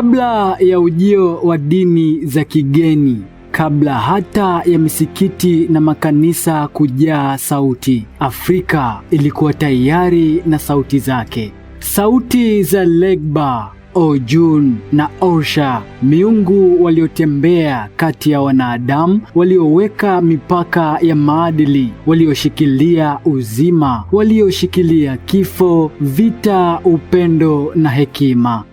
Kabla ya ujio wa dini za kigeni, kabla hata ya misikiti na makanisa kujaa sauti, Afrika ilikuwa tayari na sauti zake. Sauti za Legba, Ojun na Orsha, miungu waliotembea kati ya wanadamu, walioweka mipaka ya maadili, walioshikilia uzima, walioshikilia kifo, vita, upendo na hekima.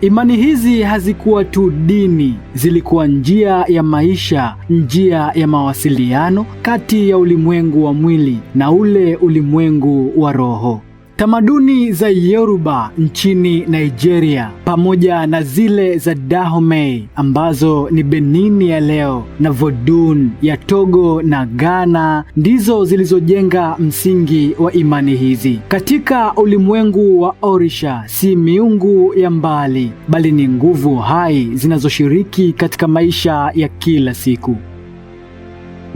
Imani hizi hazikuwa tu dini, zilikuwa njia ya maisha, njia ya mawasiliano kati ya ulimwengu wa mwili na ule ulimwengu wa roho. Tamaduni za Yoruba nchini Nigeria pamoja na zile za Dahomey ambazo ni Benin ya leo na Vodun ya Togo na Ghana ndizo zilizojenga msingi wa imani hizi. Katika ulimwengu wa Orisha, si miungu ya mbali bali ni nguvu hai zinazoshiriki katika maisha ya kila siku.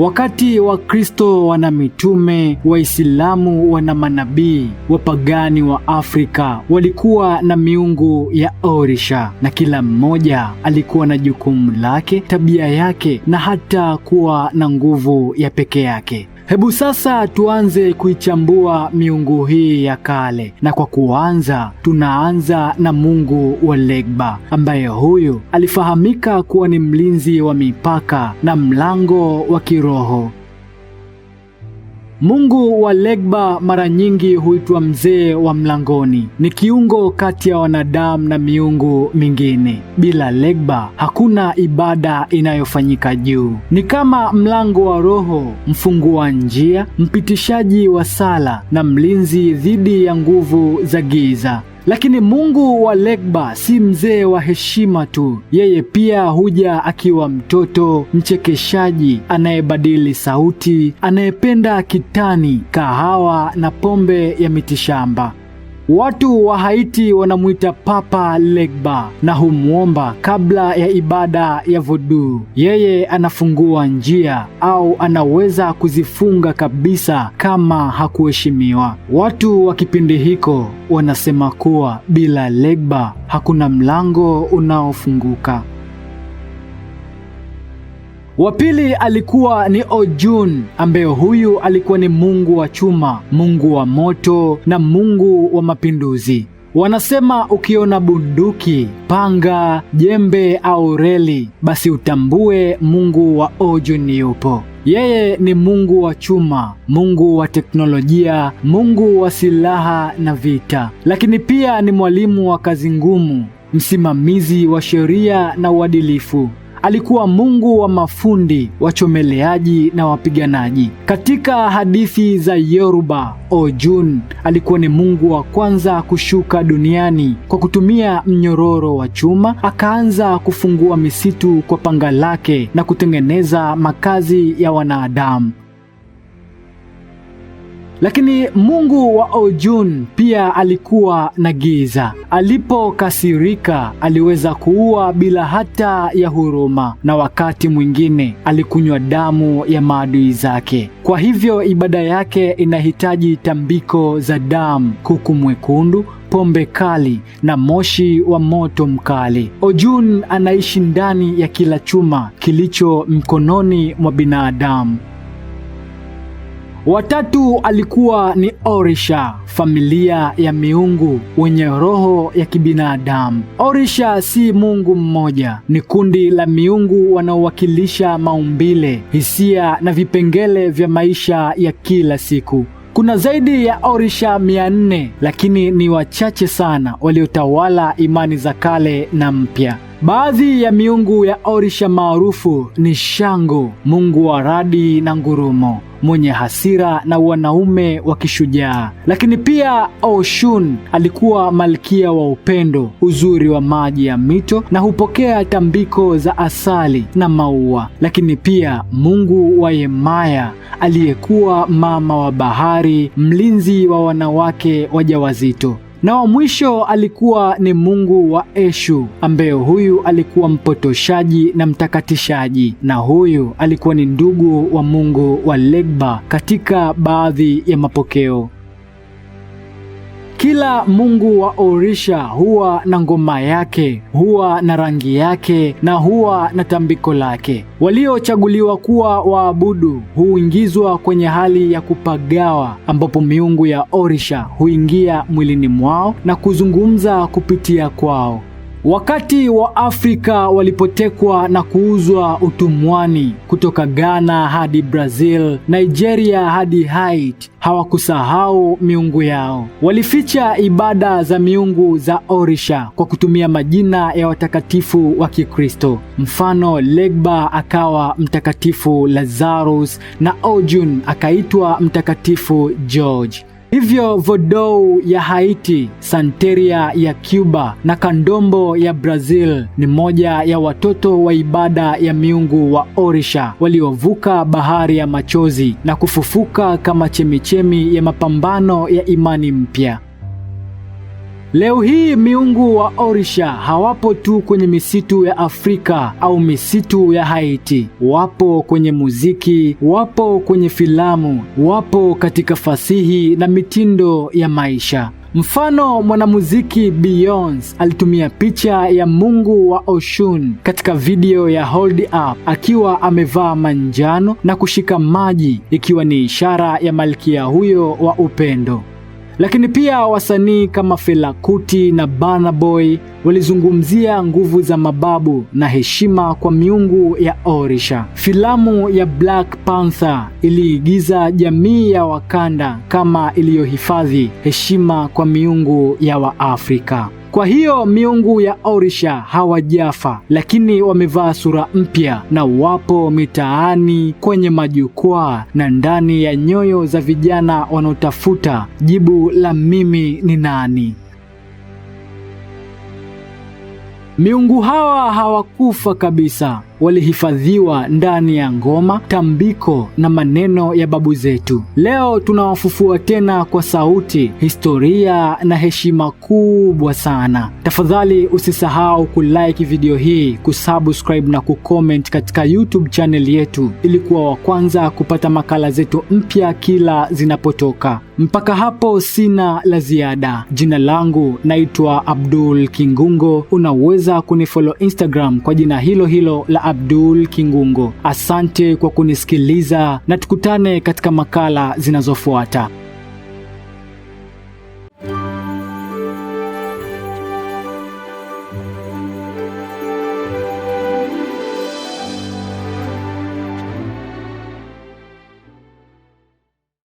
Wakati Wakristo wana mitume, Waislamu wana manabii, wapagani wa Afrika walikuwa na miungu ya orisha, na kila mmoja alikuwa na jukumu lake, tabia yake, na hata kuwa na nguvu ya pekee yake. Hebu sasa tuanze kuichambua miungu hii ya kale, na kwa kuanza tunaanza na mungu wa Legba ambaye huyu alifahamika kuwa ni mlinzi wa mipaka na mlango wa kiroho Mungu wa Legba mara nyingi huitwa mzee wa mlangoni. Ni kiungo kati ya wanadamu na miungu mingine. Bila Legba hakuna ibada inayofanyika juu. Ni kama mlango wa roho, mfungua njia, mpitishaji wa sala na mlinzi dhidi ya nguvu za giza. Lakini Mungu wa Legba si mzee wa heshima tu, yeye pia huja akiwa mtoto mchekeshaji, anayebadili sauti, anayependa kitani, kahawa na pombe ya mitishamba. Watu wa Haiti wanamuita Papa Legba na humwomba kabla ya ibada ya voodoo. Yeye anafungua njia au anaweza kuzifunga kabisa kama hakuheshimiwa. Watu wa kipindi hiko wanasema kuwa bila Legba hakuna mlango unaofunguka. Wa pili alikuwa ni Ojun, ambaye huyu alikuwa ni mungu wa chuma, mungu wa moto na mungu wa mapinduzi. Wanasema ukiona bunduki, panga, jembe au reli, basi utambue mungu wa Ojun yupo. Yeye ni mungu wa chuma, mungu wa teknolojia, mungu wa silaha na vita, lakini pia ni mwalimu wa kazi ngumu, msimamizi wa sheria na uadilifu alikuwa mungu wa mafundi, wachomeleaji na wapiganaji. Katika hadithi za Yoruba, Ojun alikuwa ni mungu wa kwanza kushuka duniani. Kwa kutumia mnyororo wa chuma, akaanza kufungua misitu kwa panga lake na kutengeneza makazi ya wanadamu. Lakini Mungu wa Ojun pia alikuwa na giza. Alipokasirika, aliweza kuua bila hata ya huruma, na wakati mwingine alikunywa damu ya maadui zake. Kwa hivyo ibada yake inahitaji tambiko za damu, kuku mwekundu pombe kali na moshi wa moto mkali. Ojun anaishi ndani ya kila chuma kilicho mkononi mwa binadamu. Watatu alikuwa ni Orisha, familia ya miungu wenye roho ya kibinadamu. Orisha si mungu mmoja, ni kundi la miungu wanaowakilisha maumbile, hisia na vipengele vya maisha ya kila siku. Kuna zaidi ya Orisha mia nne, lakini ni wachache sana waliotawala imani za kale na mpya. Baadhi ya miungu ya Orisha maarufu ni Shango, mungu wa radi na ngurumo, mwenye hasira na wanaume wa kishujaa. Lakini pia Oshun alikuwa malkia wa upendo, uzuri wa maji ya mito na hupokea tambiko za asali na maua. Lakini pia mungu wa Yemaya aliyekuwa mama wa bahari, mlinzi wa wanawake wajawazito na wa mwisho alikuwa ni mungu wa Eshu, ambaye huyu alikuwa mpotoshaji na mtakatishaji, na huyu alikuwa ni ndugu wa mungu wa Legba katika baadhi ya mapokeo. Kila mungu wa Orisha huwa na ngoma yake, huwa na rangi yake na huwa na tambiko lake. Waliochaguliwa kuwa waabudu huingizwa kwenye hali ya kupagawa, ambapo miungu ya Orisha huingia mwilini mwao na kuzungumza kupitia kwao. Wakati wa Afrika walipotekwa na kuuzwa utumwani kutoka Ghana hadi Brazil, Nigeria hadi Haiti, hawakusahau miungu yao. Walificha ibada za miungu za orisha kwa kutumia majina ya watakatifu wa Kikristo. Mfano, Legba akawa mtakatifu Lazarus na Ojun akaitwa mtakatifu George. Hivyo vodou ya Haiti, santeria ya Cuba na kandombo ya Brazil ni moja ya watoto wa ibada ya miungu wa Orisha waliovuka bahari ya machozi na kufufuka kama chemichemi ya mapambano ya imani mpya. Leo hii miungu wa Orisha hawapo tu kwenye misitu ya Afrika au misitu ya Haiti. Wapo kwenye muziki, wapo kwenye filamu, wapo katika fasihi na mitindo ya maisha. Mfano, mwanamuziki Beyonce alitumia picha ya mungu wa Oshun katika video ya Hold Up akiwa amevaa manjano na kushika maji ikiwa ni ishara ya malkia huyo wa upendo. Lakini pia wasanii kama Fela Kuti na Burna Boy walizungumzia nguvu za mababu na heshima kwa miungu ya Orisha. Filamu ya Black Panther iliigiza jamii ya Wakanda kama iliyohifadhi heshima kwa miungu ya Waafrika. Kwa hiyo miungu ya Orisha hawajafa, lakini wamevaa sura mpya na wapo mitaani, kwenye majukwaa na ndani ya nyoyo za vijana wanaotafuta jibu la mimi ni nani. Miungu hawa hawakufa kabisa walihifadhiwa ndani ya ngoma, tambiko na maneno ya babu zetu. Leo tunawafufua tena kwa sauti, historia na heshima kubwa sana. Tafadhali usisahau kulike video hii, kusubscribe na kucomment katika YouTube channel yetu ili kuwa wa kwanza kupata makala zetu mpya kila zinapotoka. Mpaka hapo sina la ziada. Jina langu naitwa Abdul Kingungo. Unaweza kunifollow Instagram kwa jina hilo hilo la Abdul Kingungo. Asante kwa kunisikiliza na tukutane katika makala zinazofuata.